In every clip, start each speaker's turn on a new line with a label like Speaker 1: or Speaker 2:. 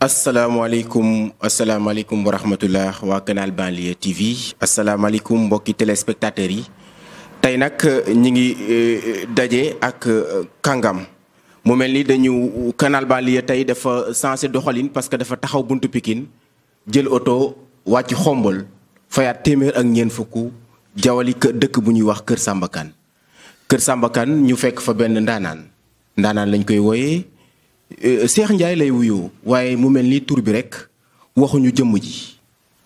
Speaker 1: Assalamualaikum, warahmatullah wa kanal waa TV assalamualaikum mbokki téléspectateurs yi tay nak ñi eh, ngi eh, daje ak eh, kangam mu melni dañu kanal banlieue tay dafa sensé doxaline parce que dafa taxaw buntu Pikine jël oto wàcc xombal fayaat téeméer ak ñen fuku jawali ke bu ñuy wax Kër sambakan Kër sambakan ñu fekk fa ben ndanan ndanan lañ koy woyé Euh, Cheikh Ndiaye lay wuyu waye mu mel ni tur bi rek waxuñu jëmm ji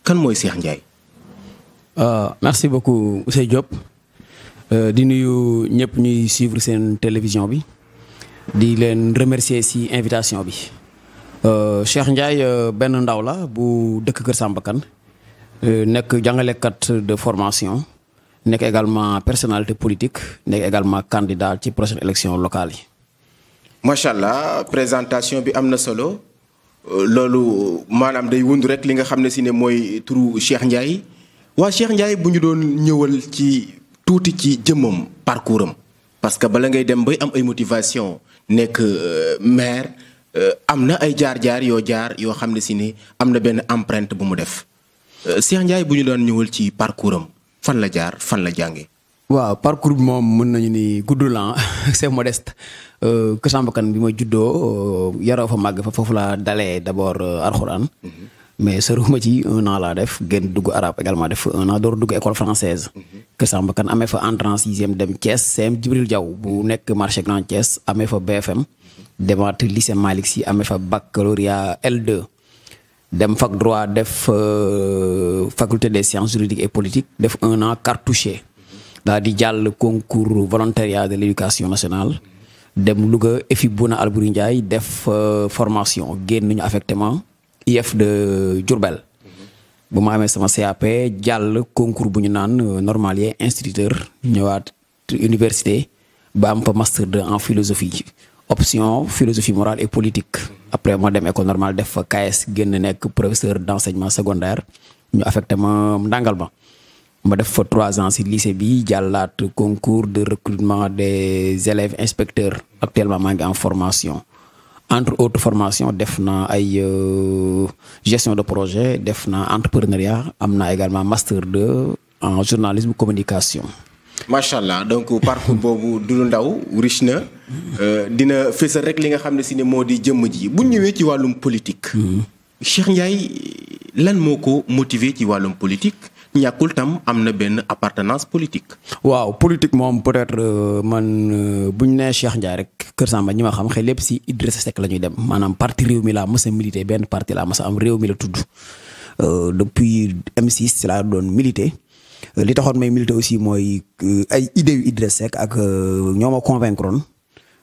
Speaker 1: kan moy Cheikh Ndiaye.
Speaker 2: Ah, merci beaucoup monsieur Diop euh, di nuyu ñëpp ñuy suivre sen télévision bi di leen remercier ci invitation bi. Euh, Cheikh Ndiaye ben ndaw la bu dëkk Kër euh nek nekk kat de formation nek également personnalité politique nek également candidat ci prochaine élection locale yi.
Speaker 1: macha allah présentation bi am na solo euh, loolu maanaam day wund rek li nga xam ne si ne mooy turu Cheikh Ndiaye waa Cheikh Ndiaye bu ñu doon ñëwal ci tuuti ci jëmmam parcours am parce que bala ngay dem bay am ay motivation nekk euh, maire euh, am na ay jaar-jaar yoo jaar yoo xam ne si ne am na benn empreinte bu mu def Cheikh Ndiaye bu ñu doon ñëwal ci parcours am fan la jaar fan la jànge
Speaker 2: waaw parcours bi moom mën nañu ni gudd ah, lan c'est modeste euh, Kër Samba bi ma juddoo euh, yaroo fa màgg fa foofu laa dalee d'abord euh, alxuraan mm-hmm. mais soriwuma ci un an laa def gën dugg arabe également def un an door dugg école française mm-hmm. Kër amee fa entrant sixième dem Thiès CM Djibril Diaw bu mm-hmm. nekk marché Grand Thiès amee fa BFM demaat lycée Malick Sy amee fa baccalauréat L2 dem fac droit def faculté de sciences juridiques et politiques def un an cartouché Dans le concours volontariat de l'éducation nationale dem Louga EFI Bouna def euh, formation génn ñu if ma de Diourbel bu ma amee sama CAP le concours bu ñu naan euh, normalien instituteur université ba am master en philosophie option philosophie morale et politique après moi dem école normale def KS génn professeur d'enseignement secondaire ñu affecté je def fa trois ans si lycée bi le concours de recrutement des élèves inspecteurs actuellement en formation entre autres formations defna euh, gestion de projet defna entrepreneuriat amna également master 2 en journalisme communication.
Speaker 1: Machallah, donc donc parcours bobu du ndaw riche na euh, dina fésal rek li nga xamné ci si ne ji bu ci walum politique. Mm-hmm. Cheikh Ndiaye lan moko ko motiver ci walum politique. ñakul tam am na benn appartenance politique. waaw politique moom peut
Speaker 2: être euh, man euh, buñ ñu Cheikh Ndiaye rek Kër Samba ñi ma xam xëy lépp si Idrissa Seck la ñuy dem maanaam parti réew mi laa mës a milité benn parti laa mës a am réew mi la tudd euh, depuis M6 ci laa doon milité li taxoon may milité aussi mooy ay idée yu Idrissa Seck ak ñoo ma convaincroon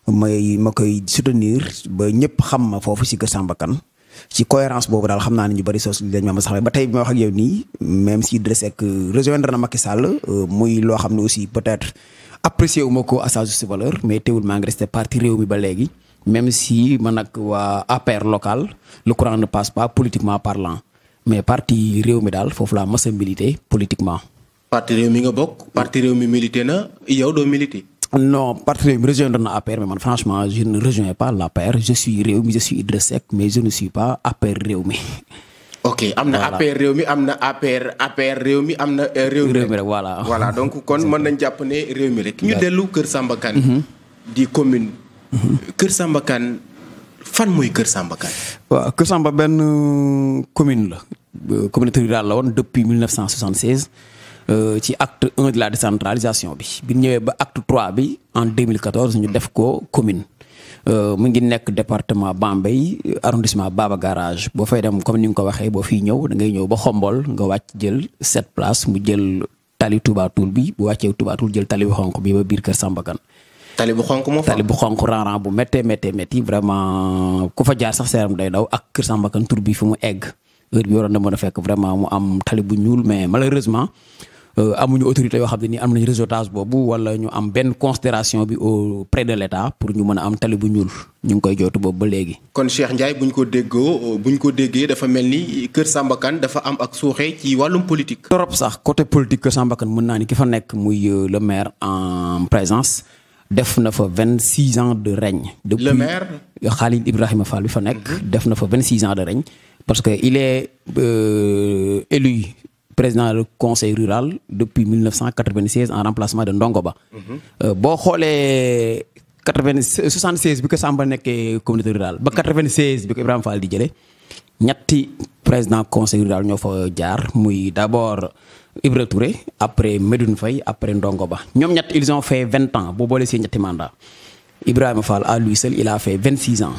Speaker 2: may ma koy soutenir ba ñëpp xam ma foofu si Kër Samba kan ci cohérence bobu dal xamna ni ñu bari bëri soos dañ ma sax ba tay bi ma wax ak yow ni même si Idrissa que rejoindre na Macky Sall euh, muy lo xam aussi peut-être apprécier wu ma à sa juste valeur mais téwul maa ngi resté parti réew mi ba légui même si man ak wa APR local le courant ne passe pas politiquement parlant mais parti réew mi dal fofu la mës
Speaker 1: politiquement. parti réew mi nga bok parti réew mi milité na yow do milité. Non,
Speaker 2: rejoins rejoindre l'APR, mais franchement, je ne rejoins pas l'APR. Je suis Réumi, je suis Idrissek, mais je ne suis pas APR Réumi.
Speaker 1: ok amna na APR Réumi, aper am APR euh, APR rek voilà. voilà donc kon mën nañ japonais, ne réew mi rek. ñu dellu Kër Samba Kane. Mhm. di commune. Mhm. Kër Sambakan, fan moy Kër Sambakan? Kane.
Speaker 2: waaw Kër Samba benn euh, commune la euh, communauté rurale la depuis 1976. Euh, ci acte un de la décentralisation bi bi ñëwee ba acte trois bi en 2014 ñu def ko commune euh, mu ngi nekk département bambay arrondissement Baba Garage boo fay dem comme ni nga ko waxee boo fiy ñëw da ngay ñëw ba xombol nga wàcc jël sept place mu jël tali tubaatul bi bu wàccee tubaatul jël tali bu xonk bi ba biir kër Sambakan
Speaker 1: tali bu xonk moo fa bu
Speaker 2: xonk ranran bu méttee méttee métti vraiment ku fa jaar sax seeram day daw ak kër Sambakan tur bi fi mu egg heure bi waroon na mën a fekk vraiment mu am tali bu ñuul mais malheureusement Euh, amuñu autorité yo des am nañ réseautage des wala ñu am des considération bi auprès de l'État pour ñu mëna am tali bu ñuul ñu ngi koy ba
Speaker 1: kon Cheikh Ndiaye buñ ko déggo ko politique.
Speaker 2: côté politique euh, le maire en présence def ans de règne. le maire. Khalid Ibrahim Fall fa mhm. ans de règne parce que il est euh, élu président du conseil rural depuis 1996 en remplacement de Ndongo Ba. Mhm. Euh, boo xoolee 96 76 bi ko Samba nekkee communauté rurale ba 96 bi ko Ibrahim Fall di jëlee ñetti président conseil rural ñoo fa jaar muy d' abord Touré après Medoun Faye après Ndongoba. Ba ñoom ils ont fait 20 ans boo les seen ñetti mandat Ibrahim Fall à lui seul il a fait 26 ans.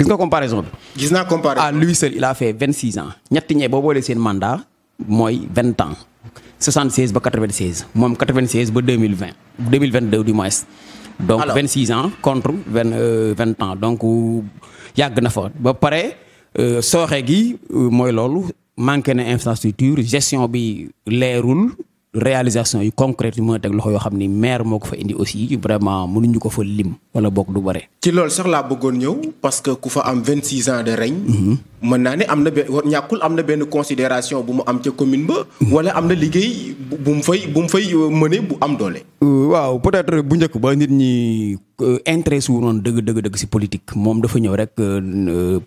Speaker 2: gis nga comparaison quest gis naa comparaison à lui seul il a fait 26 ans ñetti ñee boo boolee seen mandat moi 20 ans 76 ba 96 mom 96 ba 2020 2022 du moins. donc 26 ans contre 20 il y ans donc yàgg na fa ba paré euh, soxé gi euh, moy lolu manqué na infrastructure gestion bi lérul réalisation yu concrète yu mën a teg loxo yoo xam maire moko fa indi aussi vraiment mënuñu ko fa lim wala bok du bare.
Speaker 1: ci loolu sax la bëggoon ñëw parce que ku fa am 26 ans de règne. Mhm. mën naa ne am na benn ñàkkul am na benn considération bu mu am ca commune ba. Mhm. wala am na liggéey bu mu fay bu mu fay euh, mëne bu am doole. Euh, waaw peut-être bu njëkk
Speaker 2: ba nit ñi euh, intéressé wu noonu dëgg dëgg dëgg si politique moom dafa ñëw rek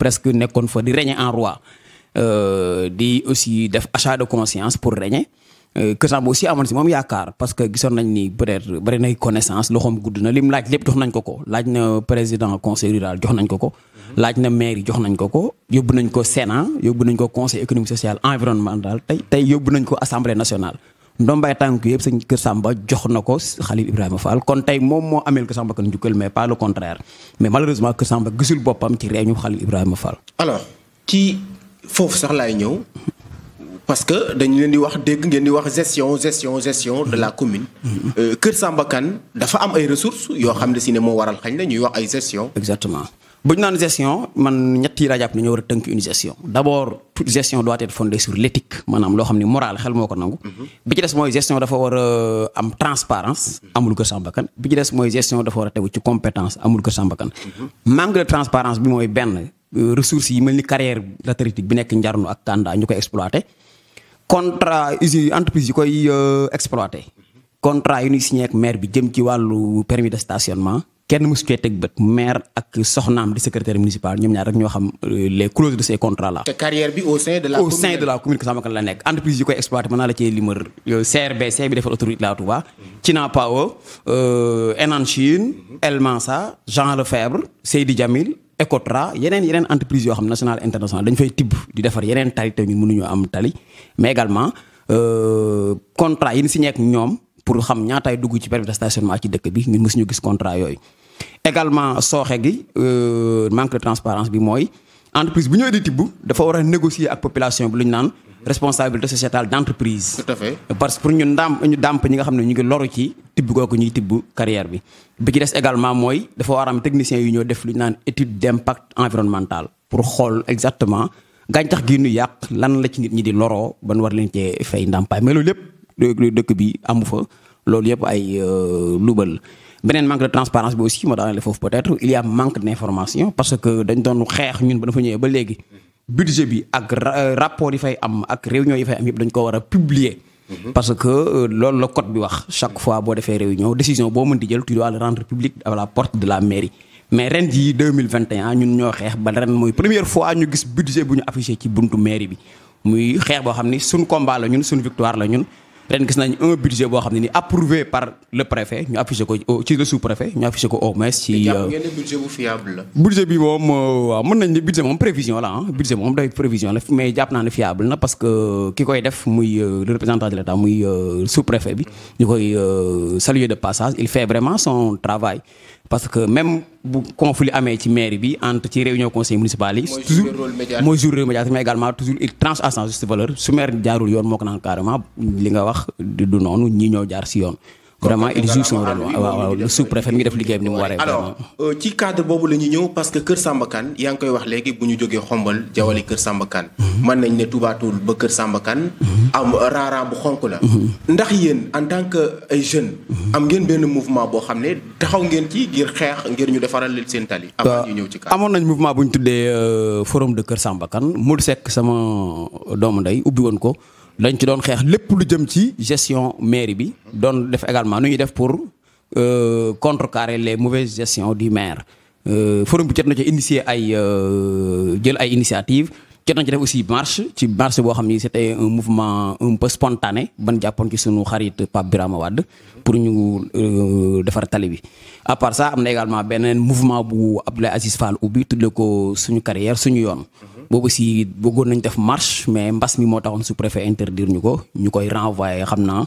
Speaker 2: presque nekkoon fa di régner en roi di aussi def achat de conscience pour régner. Euh, que ça aussi amoon si moom yaakaar parce que gisoon nañ ni peut-être bari nay connaissance loxom gudd lim laaj lépp jox nañ ko ko laaj na président conseil rural jox nañ ko ko. laaj na maire jox nañ ko ko. yóbbu nañ ko Sénat yóbbu nañ ko conseil économique social environnemental tay tay yóbbu nañ ko assemblée nationale. ndombay tànk yeb sëñ Kër Samba jox nako ko Khalil Ibrahima Fall kon tay mom mo amel Kër Samba kan njukkal mais pas le contraire mais malheureusement que Samba gissul bopam ci réñu ñu Khalil Ibrahima
Speaker 1: Fall. alors ci fofu sax lay ñew parce que dañu leen di wax dégg ngeen di wax gestion gestion gestion de la commune. Mhm. Euh, Kër Samba Kane dafa am ay ressource yoo xam ne si ne moo waral xañ na ñuy wax ay gestion. exactement
Speaker 2: bu ñu naan gestion man ñetti rajo yi dañoo war a tënk une gestion d' abord toute gestion doit être fondée sur l' xam ne moral xel ko nangu. Mhm. bi ci des mooy gestion dafa war a euh, am transparence mhm. amul Kër Samba Kane bi ci des mooy gestion dafa war a tegu ci compétence amul Kër Samba Kane. manque de transparence bi mooy benn euh, ressources yi mel ni carrière latérite bi nekk njarnu ak Kanda ñu koy exploité. contrat usine entreprise yi koy euh, exploité contrat yi ñuy signé ak maire bi jëm ci walu permis de stationnement kenn mësu cee teg maire ak soxnam di secrétaire municipal ñom ñaar rek ñoo xam euh, les clauses de ces contrats là. te
Speaker 1: carrière bi au sein
Speaker 2: de la. au sein de la commune sama Kane la nekk entreprise yi koy exploiter mën naa la cee limal CRBC euh, bi defal autorité la Touba. Tina Pao Enan Chine mhm. El Mansa Jean Lefebvre Seydi Jamil Ecotra yenen yenen entreprise yo xam national international dañ fay tib di defar yenen tali te ñun mënuñoo am tali mais également euh, contrat yi ñu signé ak ñom pour xam ñaatay dugg ci permis de stationnement ci dëkk bi ñun mësuñu gis contrat yoy également soxé gi euh, manque de transparence bi moy entreprise bu ñëwee di tib dafa wara négocier ak population bi luñ nane responsabilité sociétale d'entreprise. tout à fait parce que pour ñu nous ñu dàmp ñi nga xam ne ñu ngi loru ci tibb googu ñuy carrière bi. bi ci également moi dafa war a am technicien yu ñoo def lu ñu étude d'impact environnemental pour xool exactement gàncax gi ñu yaq lan la ci nit ñi di loro ba war leen ci fay ndampay mais loolu lépp dëkk bi amu fa loolu yëpp ay euh, lubal. benen manque de transparence bi aussi ma le fofu peut-être il y a manque d'information parce que dañ doon xex ñun ba dafa ñëwee ba léegi budget bi ak euh, rapport yi fay am ak réunion yi fay am yëpp dañ ko war a publier. Mhm. parce que euh, loolu la code bi wax chaque mhm. fois boo defee réunion décision boo mën di jël tu dois le rendre public à la porte de la mairie. mais ren jii 2021 ñun ñoo xeex ba ren mooy première fois ñu gis budget bu ñu affiché ci buntu mairie bi muy xeex boo xam ni suñu combat la ñun suñu victoire la ñun ren gis un budget boo xam ni approuvé par le préfet ñu affiché ko ci le sous-préfet ñu affiché ko au moins ci. jàpp euh, ngeen
Speaker 1: budget fiable
Speaker 2: budget bi moom euh, mën nañ budget moom prévision la hein. budget moom day prévision la mais jàpp naa fiable na parce que qui koy def muy euh, le représentant de l'État muy sous-préfet bi ñu koy de passage il fait vraiment son travail. parce que même bu conflit amee ci mairie bi entre ci réunion conseil municipal yi. toujours mooy jour rôle médiatique mais également toujours il tranche à sens juste valeur su maire jaarul yoon moo ko naan carrément li nga wax du noonu ñi jaar si yoon. vraiment il joue son rôle waaw waaw le sous ngi def liggéeyam ni mu waree. alors
Speaker 1: euh, ci cadre boobu la ñu parce que Kër Samba yaa ngi koy wax léegi bu ñu jógee xombal jawali Kër Samba Kane. Mhm. mën nañ ne tubaatul ba Kër Samba Kane. Mhm. am bu xonk la. Mhm. ndax yéen en tant que ay jeunes. am ngeen benn mouvement boo xam ne taxaw ngeen ci ngir xeex ngir ñu defaral leen seen tali. avant
Speaker 2: ñëw ci cadre amoon nañ mouvement bu ñu tuddee euh, forum de Kër Samba Kane Modou Seck sama doomu ndey ubbi woon ko. lañ ci doon xeex lépp lu jëm ci gestion mairie bi doon def également nu ñuy def pour euh, contrecarrer les mauvaises gestion du maire euh, forum bi jot na ci initier ay euh, jël ay initiative jot nañ ci def aussi marche ci marche boo xam ni c'était un mouvement un peu spontané ban jàppoon ci sunu xarit Pape Birama Wade pour ñu euh, defar tali bi à part ça am na également beneen mouvement bu Abdoulaye Aziz Fall ubbi tuddee ko suñu carrière suñu yoon boobu aussi bëggoon nañ def marche mais mbas mi moo taxoon sous-préfet interdire ñu ko ñu koy renvoyer xam naa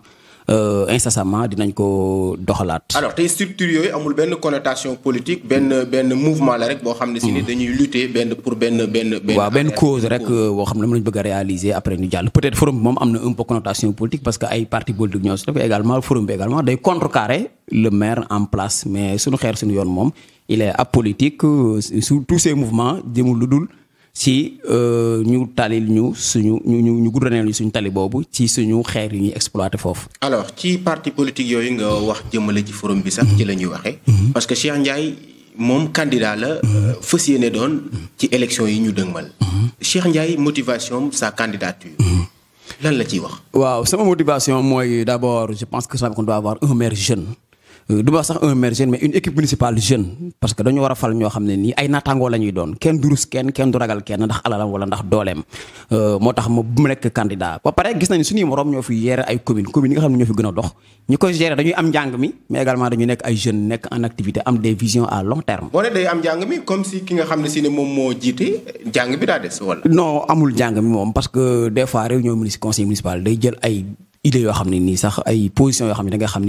Speaker 2: Euh, incessamment dinañ ko doxalaat. alors
Speaker 1: tey structure yooyu amul benn connotation politique benn benn mouvement la rek boo xam ne si ni mm-hmm. dañuy lutter benn pour benn benn. benn waaw benn cause rek euh,
Speaker 2: boo xam ne moom lañ bëgg a réaliser après ñu jàll. peut-être forum bi moom am na un peu connotation politique parce que ay parti politique ñoo si def également forum bi également day contrecarrer le maire en place mais suñu xeer suñu yoon moom il est apolitique euh, sur tous ces mouvements jëmul lu dul ci euh, ñu talil ñu suñu ñu ñu ñu goudronné ñu suñu tali boobu ci suñu xeer yi ñuy exploité foofu.
Speaker 1: alors ci parti politique yoy nga wax jëmale ci forum bi sax ci lañuy waxé mhm. parce que Cheikh Ndiaye moom candidat la. Mhm. Euh, fas yéene mhm. ci élection yi ñu dëgmal. Cheikh Ndiaye motivation sa candidature. lan la ci wax.
Speaker 2: waaw sama motivation moy d'abord je pense que ça on doit avoir un maire jeune. Euh, du sax un maire jeune mais une équipe municipale jeune parce que dañu wara fal ño xamné ne ay natango lañuy doon durus kenn kenn du ragal kenn ndax alalam wala ndax euh candidat ba paré gis nañ suñu morom ño fi nous ay commune commune nga xamné ño fi gëna dox ñi gérer dañuy am mais également dañuy que ay en activité am des visions à long terme
Speaker 1: day am comme si ki nga xamné si bi wala
Speaker 2: non amul jangmi parce que des fois réunion conseil municipal jël ay il est xam ne nii sax ay position yoo xam ne da nga xam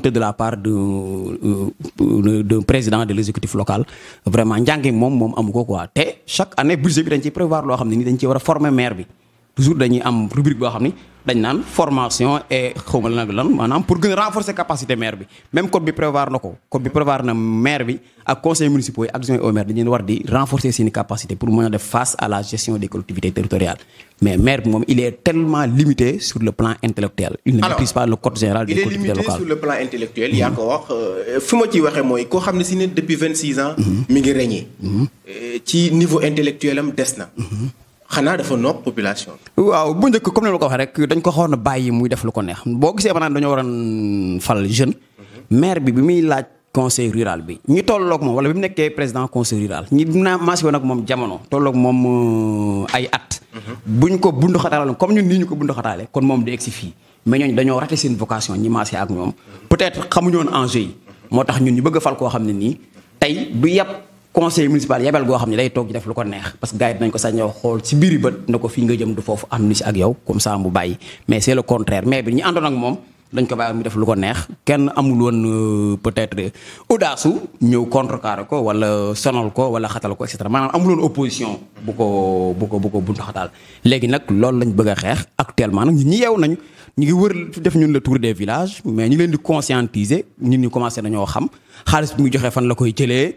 Speaker 2: de la part de euh, euh, d'un président de l'exécutif local vraiment njàngi mom mom amu quoi té chaque année budget bi dañ ci prévoir lo xam ne dañ ci wara former maire bi toujours dañuy am rubrique bo xam dañ la formation et pour renforcer les renforcer capacité maire même code bi prévoir nako code bi prévoir na maire bi ak conseil municipal yi adjoint au maire renforcer ses capacités pour mener face à la gestion des collectivités territoriales mais maire il est tellement limité sur le plan intellectuel il ne maîtrise pas le code général des collectivités locales il est limité sur le
Speaker 1: plan intellectuel il y a encore ci waxe moy ko euh, xamni ci depuis 26 ans mhm. mi ngi régné mhm. euh, ci niveau intellectuel am na mhm. xanaa dafa noog population
Speaker 2: waaw bu njëkk comme ni ma ko waxee rek dañ ko xawoon a bàyyi muy def lu ko neex boo gisee ma naan dañoo waroon fal jeune. Mhm. maire bi bi muy laaj conseil rural bi ñu tolloog moom wala bi mu nekkee président conseil rural ñi naa maasee woon ak moom jamono tolloog moom euh, mhm. ko bund xataaloon comme ñun ko bund xataale kon moom di egg si fii mais ñooñu dañoo raté seen vocation ñi maasee ak ñoom mhm. peut-être xamuñu woon enjeu yi moo tax ñun ñu bëgg a fal koo xam ne nii tey du yàpp. conseil municipal yebal go xamni day tok def lu ko neex parce que gaay yi dinañ ko sañ ñëw xool ci biir bët nako fi nga jëm du fofu am ni ci ak yow comme ça mu bàyyi mais c'est le contraire mais bi ñu àndoon ak mom dañ ko bàyyi mu def lu ko neex kenn amul won euh, peut-être audace ñëw contrecarrer ko wala sonal ko wala xatal ko et cetera maanaam amul won opposition bu ko bu ko bu ko buntu xataal léegi nak loolu lañ bëgg xex actuellement nag ñi yew nañ ñi ngi wër def ñun le tour des villages mais ñu leen di conscientiser ñi ñu commencé nañoo xam xaalis bi muy joxe fan la koy jëlee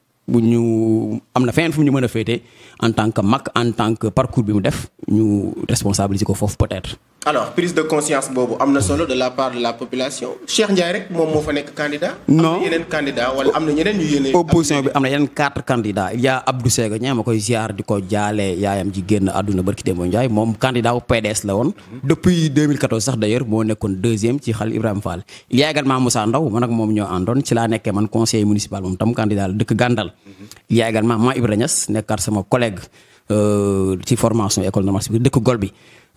Speaker 2: bu ñu am na feneen fu ñu mën a féete en tant que mag en tant que parcours bi mu def ñu responsabiliser ko foofu peut-être
Speaker 1: alors prise de conscience bobo, amna solo de la part de la population Cheikh Ndiaye mon moom moo fa candidat. non Y na un candidat wala amna na ñeneen ñu yéene. opposition
Speaker 2: bi am quatre candidats il y a Abdou Sega ñaa ma koy ziar diko jalé jaale yaayam ji génn aduna barki Demba Ndiaye Mom candidat au PDS la won. Mhm. depuis 2014 sax d'ailleurs mo nekkon deuxième ci xal Ibrahim Fall. il y a également Moussa Ndaw man ak moom ñoo andone ci la nekkee man conseiller municipal mom tam candidat deuk Gandal. Mhm. il y a également Ma Ibrahim Niass nekkar sama collègue euh, ci formation école normale dëkk Gol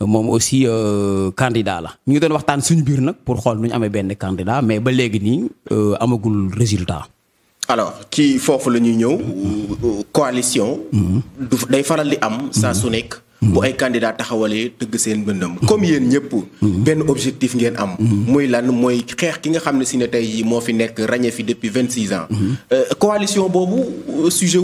Speaker 2: moom aussi euh, candidat la ñu ngi doon waxtaan suñu biir nag pour xool nu ñu amee benn candidat mais ba léegi nii euh, amagul résultat.
Speaker 1: alors ci foofu la ñuy ñëw. coalition. Mhm. du day faral di am. saa su nekk. Pour un candidat taxawalee tëgg seen bëndam comme un ñëpp homme. objectif ngeen am ont lan mooy xeex ki nga xam ne qui ne tey depuis 26 ans. La euh, coalition un euh, sujet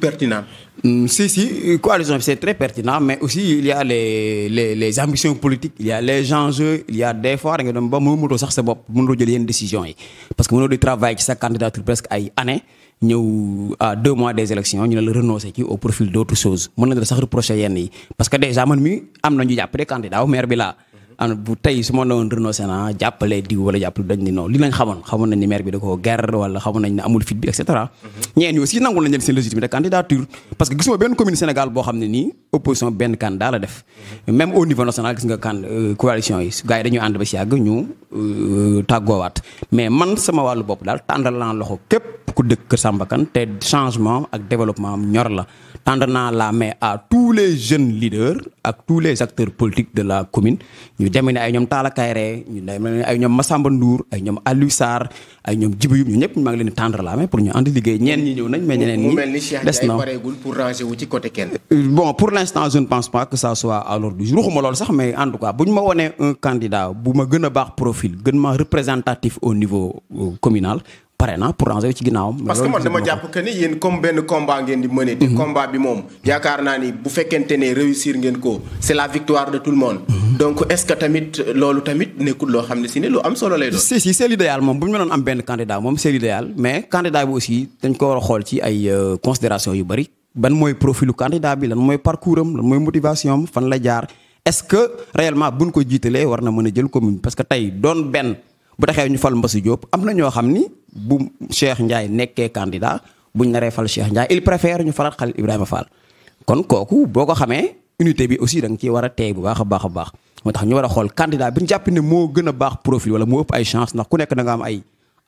Speaker 1: pertinent mm, si si coalition c'est très pertinent mais aussi il y a les
Speaker 2: les ambitions politiques il y a les enjeux il y a des fois da nga a ba décisions parce que nous di travail ci sa candidature presque ay année nous à deux mois des élections ñu ne renoncer au profil d'autres choses. Je ne nañ pas sax reprocher yenn yi parce que déjà man mi am na ñu candidat maire bi am bu tey su ma doon renoncé naa jàppale wala jàppale dañ ni non li lañ xamone xamone nañ ni maire bi da ko guerre wala xamone nañ ne amul fit bi et cetera mhm. ñeen ñi aussi nangul nañ leen seen légitimité candidature parce que gisuma ben commune Sénégal bo xam ni opposition ben candidat la def mhm. même au niveau national gis nga kan euh, coalition yi gars yi dañu and ba si yàgg ñu euh, tàggoowaat mais man sama walu bop dal tàndal naa loxo kep ku dekk Kër Samba té changement ak développement ñor la tànd naa la mais à tous les jeunes leaders ak tous les acteurs politiques de la commune ñu demee ne ay ñom Talla Kayré ñu demee ne ay ñom Massamba Ndour ay ñom Aliou Sarr ay ñom Djibi ñu ñep maa ngi leen di tendre la mais pour ñu andi liggéey ñen ñi ñew nañ mais ñeneen ñi des na
Speaker 1: pour ranger wu ci côté kenn
Speaker 2: euh, bon pour l'instant je ne pense pas que ça soit à l'ordre du jour waxuma loolu sax mais en tout cas buñ ñu ma wonee un candidat bu ma gëna baax profil gën ma représentatif au niveau euh, communal pare na pour ranger ci ginaaw parce que man dama japp
Speaker 1: que ni yeen comme ben combat ngeen di mener di mhm. combat bi mom yaakaar naa ni bu fekkente ne réussir ngeen ko c'est la victoire de tout le monde. Mhm donc est ce que tamit loolu tamit nekkul lo xamni ne lu am solo lay do c'est si c' est l' idéal
Speaker 2: moom am ben candidat mom c'est l'idéal mais candidat bi aussi dañ ko wara a ci ay euh, considération yu bari ban moy profilu candidat bi lan moy parcours lan moy motivation am fan la jaar est ce que réellement buñ ko jiitalee war na mën jël commune parce que tay doon ben bu taxee ñu fal Mbassou Diop am na ñoo xam ni bu Cheikh ndjay nekkee candidat buñ naree fal Cheikh ndjay il préfère ñu falat Khalil Ibrahima Fall kon koku boko xamé unité bi aussi da nga ciy war a teey bu baax a baax a baax moo tax ñu war a xool candidat bi ñu jàpp ne moo gën a baax profil wala moo ëpp ay chance ndax ku nekk da nga am ay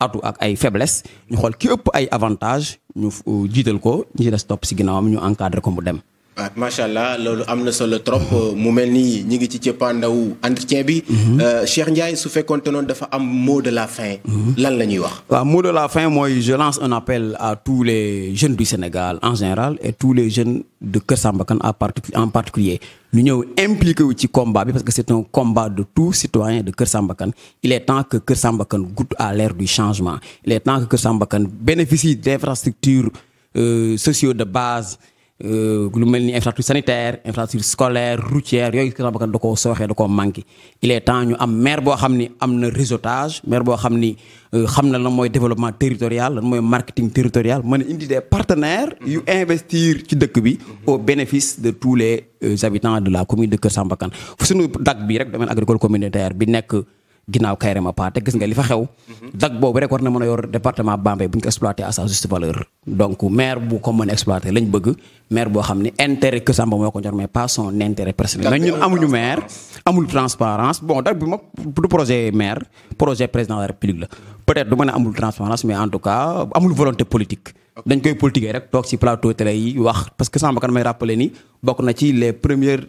Speaker 2: atu ak ay faiblesse ñu xool ki ëpp ay avantage ñu jiital ko ñi ci des topp si ginnaawam ñu encadré ko mu dem
Speaker 1: Ah, machallah solo trop mu melni ci entretien bi. Mhm. Euh, Cheikh su dafa am mot de la fin. Mhm. lan
Speaker 2: mot de la fin je lance un appel à tous les jeunes du Sénégal en général et tous les jeunes de Kersambakan en particulier ñu ñëw impliqué ci combat parce que c'est un combat de les citoyens de Kersambakan il est temps que Kersambakan goûte à l'ère du changement il est temps que Kersambakan bénéficie d'infrastructures sociales euh, sociaux de base. Euh, lu mel infrastructure sanitaire infrastructure scolaire routière yooyu y a da koo sooxee da koo il est temps ñu am maire boo xam am na réseautage maire euh, développement territorial lan marketing territorial mën a indi des partenaires mhm. yu investir ci dëkk bi mhm. au bénéfice de tous les euh, habitants de la commune de Kër Si nous fu sunu dag bi communautaire bi nekk ginaaw kayre ma paté gis nga li fa xew. dag boobu rek war na mëna yor département bambé buñ ko exploiter à sa juste valeur. donc maire bu ko mëna exploiter lañ bëgg maire bo xamni intérêt que Samba moko ko ñor mais pas son intérêt personnel. mais ñun amuñu maire amul transparence bon dag bi ma du projet maire projet président de la république la. peut-être du mëna amul transparence mais en tout cas amul volonté politique. dañ koy politiquer rek tok ci plateau télé yi wax parce que Samba kan may rappeler ni bokku na ci les premières.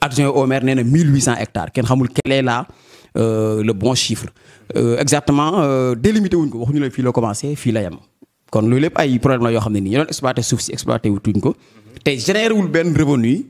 Speaker 2: adjoint au maire nee 1800 hectares kenn xamul quel est là euh, le bon chiffre euh, exactement euh, délimité wuñ ko waxuñu la fii la commencé fii la le kon loolu lépp ay problème la yoo xam ne exploiter ñu doon exploité suuf si exploité wutuñ ko te généré wul benn revenu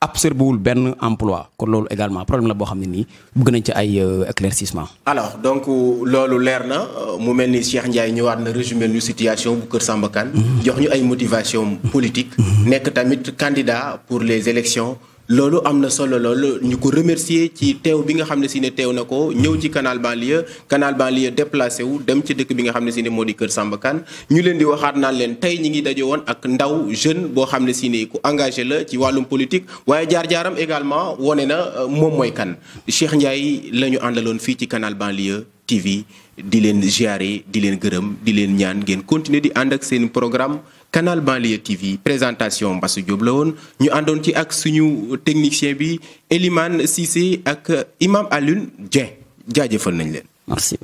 Speaker 2: absorbé wul benn emploi kon loolu également problème la boo xam ne nii bëgg nañ ci ay éclaircissement
Speaker 1: alors donc loolu leer na mu mel ni Cheikh Ndiaye la na résumé que situation bu Kër il y mm-hmm. jox ñu ay motivation politique mm-hmm. nekk tamit candidat pour les élections loolu am na solo loolu ñu ko remercier ci teew bi nga xam ne si ne teew na ko ñëw ci canal banlieue canal banlieue déplacé wu dem ci dëkk bi nga xam ne si ne moo di Kër Samba kan ñu leen di waxaat naan leen tey ñi ngi daje woon ak ndaw jeune boo xam ne si ne ku engagé la ci wàllum politique waaye jaar-jaaram également wone na euh, moom mooy kan Cheikh Ndiaye la ñu àndaloon fii ci canal banlieue TV di leen ziare di leen gërëm di leen ñaan ngeen continuer di ànd ak seen programme Canal Banlieue TV présentation Mbassou Diop la ñu àndoon ci ak suñu technicien bi Eliman Cissé ak Imam Alune Jai, jaajëfal nañ leen.
Speaker 2: merci